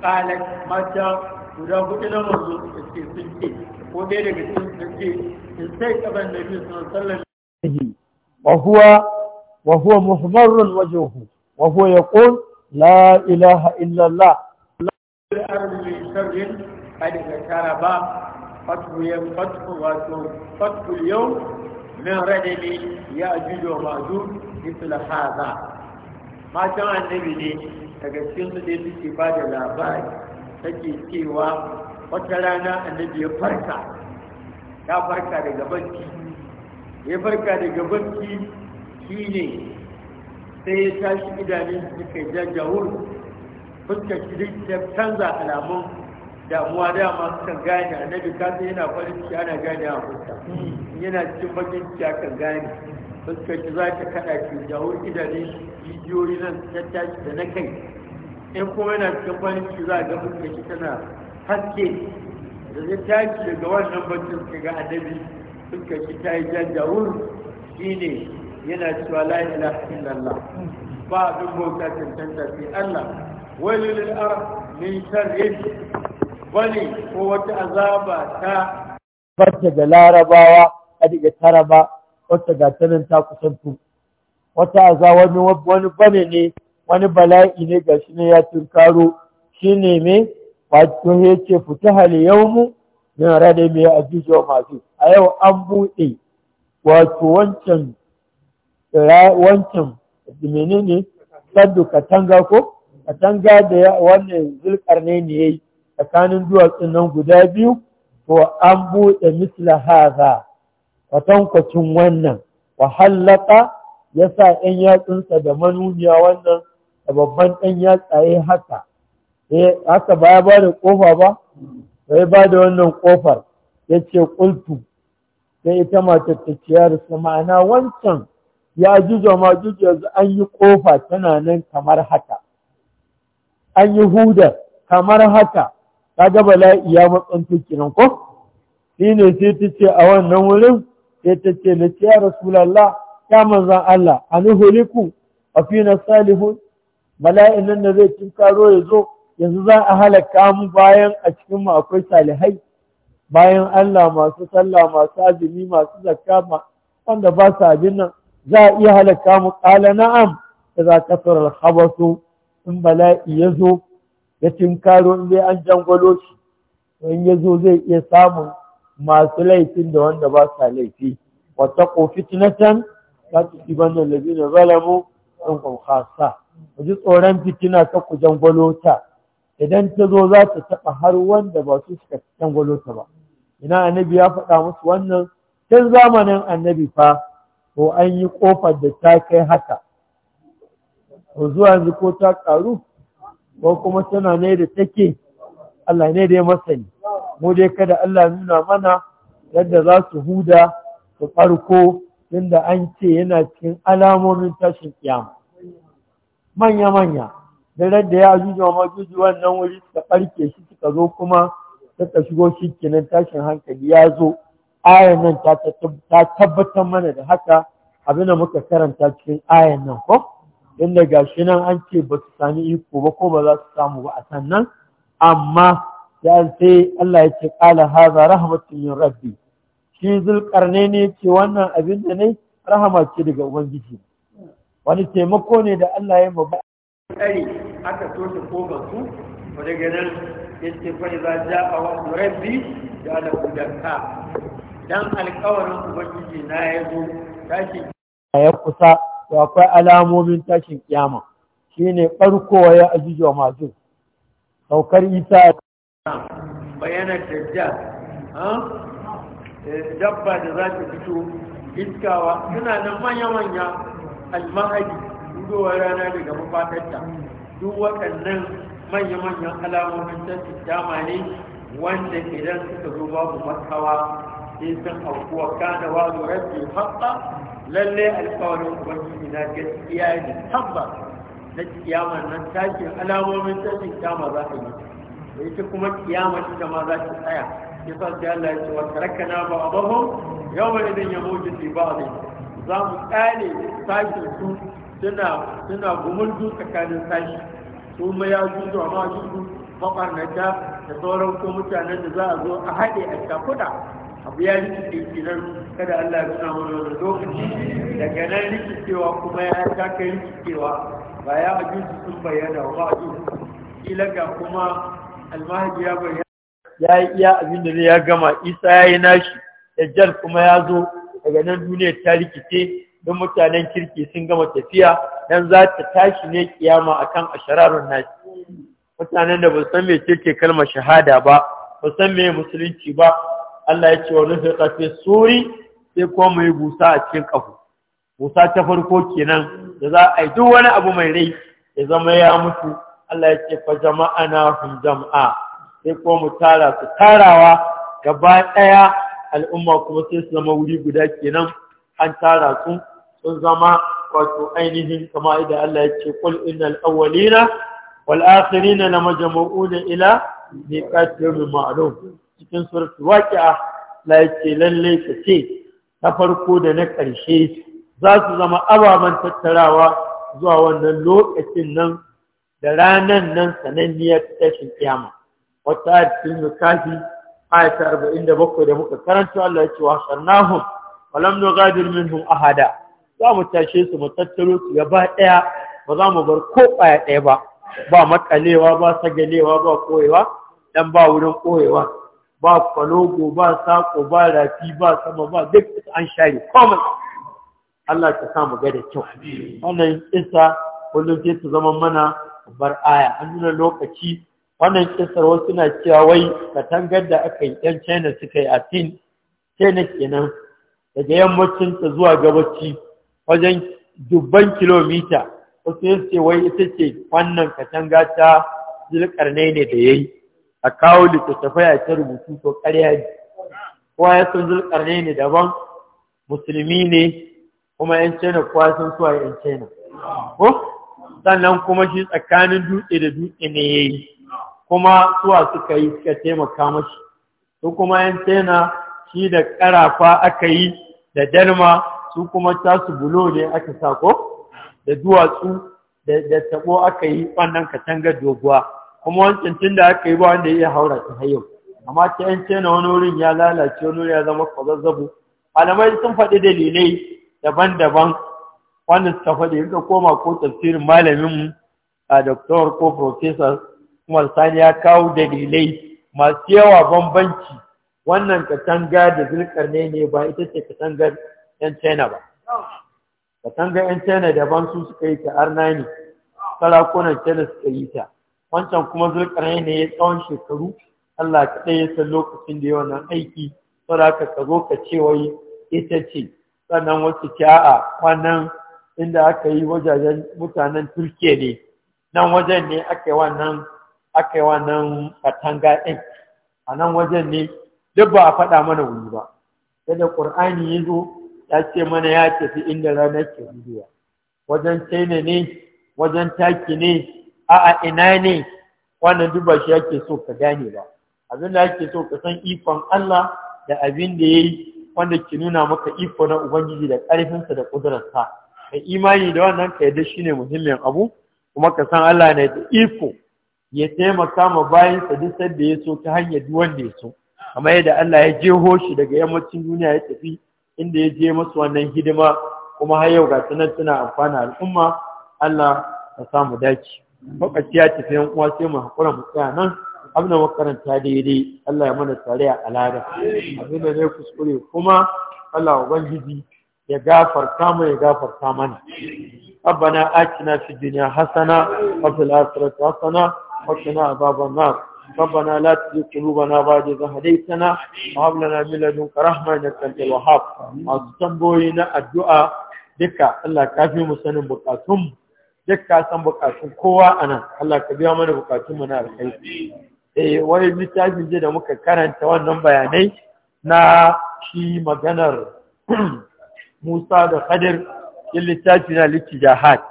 kala mata guda hudu na manzo yake sun ce ko dai daga cikin sun ce in sai kaban Nabi Sallallahu Alaihi wa huwa wa huwa muhmarrun wajhuhu wa huwa yaqul la ilaha illallah قد ذكر باب فتح يوم فتح فتح اليوم من ردم يأجوج ومأجوج مثل هذا ما كان النبي دي تكسين دي تسيبا دي لاباري تكي سيوا وترانا النبي يفرقا يا فرقا دي غبنكي يفرقا دي غبنكي shine sai ya tashi idanun su suka yi jajjawur fuskar shirin ta canza alamun damuwa dama kan gane annabi ka kasu yana farin ciki ana gane a fuska yana cikin bakin ciki kan gane fuskar shi za ta kada shi jawur idanun jijiyoyi nan ta tashi da na kai in kuma yana cikin farin ciki za a ga fuskar shi tana haske da zai tashi daga wannan bakin ciki ga annabi fuskar shi ta yi jajjawur shine yana cewa la ilaha illallah ba abin bauta cancanta sai Allah wani lil min sharri bane ko wata azaba ta bata da larabawa a daga taraba wata ga gatanin ta kusantu wata ne wani bane ne wani bala'i ne ga shi ne ya tunkaro shi ne me wato ya ce fita hali yau mu yana rada mai ajujuwa masu a yau an buɗe wato wancan wancan menene saddu katanga ko katanga da wannan zulkarne ne yayi tsakanin duwatsun nan guda biyu to an buɗe misla haza wannan wahallaka ya sa ɗan yatsunsa da manuniya wannan da babban ɗan yatsaye haka eh, haka ba ya ba da ƙofa ba bai ba da wannan ƙofar ya ce ƙultu sai ita ma ta ma'ana wancan ya juju ma juju an yi ƙofa tana nan kamar haka an yi hudar kamar haka gaba bala'i ya matsanto kenan ko Ni ne sai ta ce a wannan wurin sai ta ce na ce ya rasulallah ya manzan Allah a nuhuliku a fi Salihu. salihun bala'in nan da zai tunkaro ya zo yanzu za a halaka mu bayan a cikin mu akwai salihai bayan Allah masu sallah masu azumi masu zakka wanda ba su abin nan za a iya halatta mu ƙala na'am da za ka fara habasu in bala'i ya zo ya tinkaro in dai an jangwalo shi in ya zo zai iya samun masu laifin da wanda ba sa laifi wata ko fitinatan za ta ci ban da labi da zalamu in kuma khasa a ji tsoron fitina ta ku jangwalo ta idan ta zo za ta taɓa har wanda ba su suka jangwalo ta ba ina annabi ya faɗa musu wannan tun zamanin annabi fa ko an yi ƙofar da ta kai haka ko zuwa yanzu ko ta ƙaru ko kuma tana ne da take Allah ne dai masani mu dai kada Allah nuna mana yadda za su huda su farko tunda an ce yana cikin alamomin tashin kiyama manya-manya da da ya ajujuwa wa majuju wannan wuri suka ɓarke shi suka zo kuma suka shigo shi kenan tashin hankali ya zo ayan nan ta tabbatar mana da haka abin da muka karanta cikin ayan nan ko inda gashi nan an ce ba su sami iko ba ko ba za su samu ba a sannan amma ya sai Allah ya ce qala hadha rahmatun min rabbi shi zulkarne ne ce wannan abin da ne rahama ce daga ubangiji wani taimako ne da Allah ya mabba kari aka toshe ba su daga nan yace fa idza jaa wa rabbi da ala kudaka dan alƙawarin ubangiji na ya zo tashin ya kusa to akwai alamomin tashin kiyama shine barkowa ya ajuju wa majin saukar isa bayanar dajjal eh, dabba da za ta fito iskawa suna nan manya-manya almahadi dudowar rana daga mafatarta duk waɗannan manya-manyan alamomin tashin kiyama ne wanda idan suka zo babu makawa sai san aukuwa kana wazo rabbi haqqa lalle alƙawarin ubangiji na gaskiya ne tabba na kiyama nan tashin alamomin tashin kiyama za ta yi da ita kuma kiyama ita ma za ta tsaya yasa sai Allah ya ce wa na ba abahum yawma idan yamutu fi ba'dhi za mu tsale tashin su suna suna gumurzu tsakanin sashi su ma ya juju amma juju mabarnata da sauran ko mutanen da za a zo a haɗe a shafuda abu ya rikice kinan kada Allah ya suna wani wani lokaci daga nan rikicewa kuma ya ta kai rikicewa ba ya su sun bayyana ba ajuji kila ga kuma almahaji ya bayyana ya yi iya abin da ya gama isa ya yi nashi dajjal kuma ya zo daga nan duniya ta rikice don mutanen kirki sun gama tafiya dan za ta tashi ne kiyama akan ashararun nashi mutanen da ba san me ce kalmar shahada ba ba san me musulunci ba Allah ya ce wa nufiqa fi suri sai kuma mai busa a cikin kafu busa ta farko kenan da za a yi duk wani abu mai rai ya zama ya mutu Allah ya ce fa na hum jama'a. sai kuma mu tara su tarawa gaba ɗaya al'umma kuma sai su zama wuri guda kenan an tara su sun zama wato ainihin kama idan Allah ya ce kul innal awwalina wal akhirina lamajma'una ila miqat yawmin ma'lum cikin suratul waqi'a la yace lalle ta ce ta farko da na ƙarshe za su zama ababen tattarawa zuwa wannan lokacin nan da ranan nan sananniyar tashin kiyama wata ayatul mukafi ayat 47 da muka karanta Allah ya ce wa sharnahum wa lam nughadir minhum ahada za mu tashe su mu tattaro su gaba ɗaya ba za mu bar ko ƙwaya ɗaya ba ba makalewa ba sagalewa ba koyewa dan ba wurin koyewa ba kwalogo ba sako, ba rafi ba sama ba duk an share komai Allah ta sa mu ga da kyau wannan kisa kullum sai su zama mana bar aya an nuna lokaci wannan kissar wasu na cewa wai katangar da aka yi yan China suka yi a Tin China kenan daga yammacin ta zuwa gabaci wajen dubban kilomita wasu ce, wai ita ce wannan katanga ta zilƙarnai ne da yayi a kawo littattafai a ta rubutu to ƙarya ne kowa ya san ne daban musulmi ne kuma yan china kowa sun suwa yan china ko sannan kuma shi tsakanin dutse da dutse ne ya yi kuma suwa suka yi suka taimaka mashi su kuma yan china shi da ƙarafa aka yi da dalma su kuma tasu bulo ne aka ko da duwatsu da taɓo aka yi wannan katangar doguwa kuma wancan tun da aka yi ba wanda ya iya haura ta hayo amma ta yan na wani wurin ya lalace wani ya zama kwazazzabu malamai sun faɗi dalilai daban-daban wanda suka faɗi in koma ko tafsirin malaminmu a doktor ko professor kuma sani ya kawo dalilai masu yawa bambanci wannan katanga da zilkarne ne ba ita ce katangar yan china ba katangar yan china daban su suka yi ta arnani sarakunan china suka yi ta wancan kuma zurkarai ne ya tsawon shekaru Allah ɗaya ya san lokacin da yawan aiki saboda ka zo ka ce wai ita ce sannan wasu ce a'a wannan inda aka yi wajajen mutanen Turkiya ne nan wajen ne aka yi wannan aka yi wannan katanga ɗin a nan wajen ne duk ba a faɗa mana wuri ba yadda ƙur'ani ya zo ya ce mana ya tafi inda ranar ke zuwa wajen china ne wajen taki ne a'a ina ne wannan duk shi yake so ka gane ba abin da yake so ka san ikon Allah da abin da yayi wanda ke nuna maka iko na ubangiji da ƙarfinsa da ƙudurarsa ka imani da wannan ka yadda shine muhimmin abu kuma ka san Allah ne da iko ya taimaka ma bayansa duk sanda ya so ta hanyar duk wanda ya so kamar yadda Allah ya jeho shi daga yammacin duniya ya tafi inda ya je masu wannan hidima kuma har yau ga sanan tana amfana al'umma Allah ya samu dace Faɓa shi ya tafi ƴan uwa sai mu haƙura mu tsaya nan. Abin da makaranta daidai, Allah ya mana tare a alare. Abin da na kuskure, kuma Allah wa ban ya gafarta mun ya gafarta mana. Abba na Aci na fidina Hassana, wancan latsarar ta Hassana, wancan na ababen masu. Abba na Lati kuluba na baje zaharai sana. Muhammmil na Aminu na dunkara, ma'aikatan ta luhab. Masu tamboyi na addu'a duka. Allah kafin mu sanin bukatunmu. duk ka san bukatun kowa a nan Allah ka biya mana bukatunmu na alkhairi eh wai littafin je da muka karanta wannan bayanai na shi maganar Musa da Khadir in littafi na jahat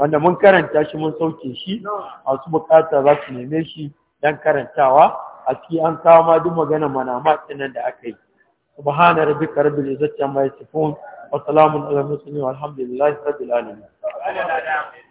wanda mun karanta shi mun sauke shi masu bukata za su neme shi dan karantawa a ciki an kawo ma duk maganar manama nan da aka yi subhana rabbika rabbil izzati amma yasifun wa salamun ala mursalin walhamdulillahi rabbil alamin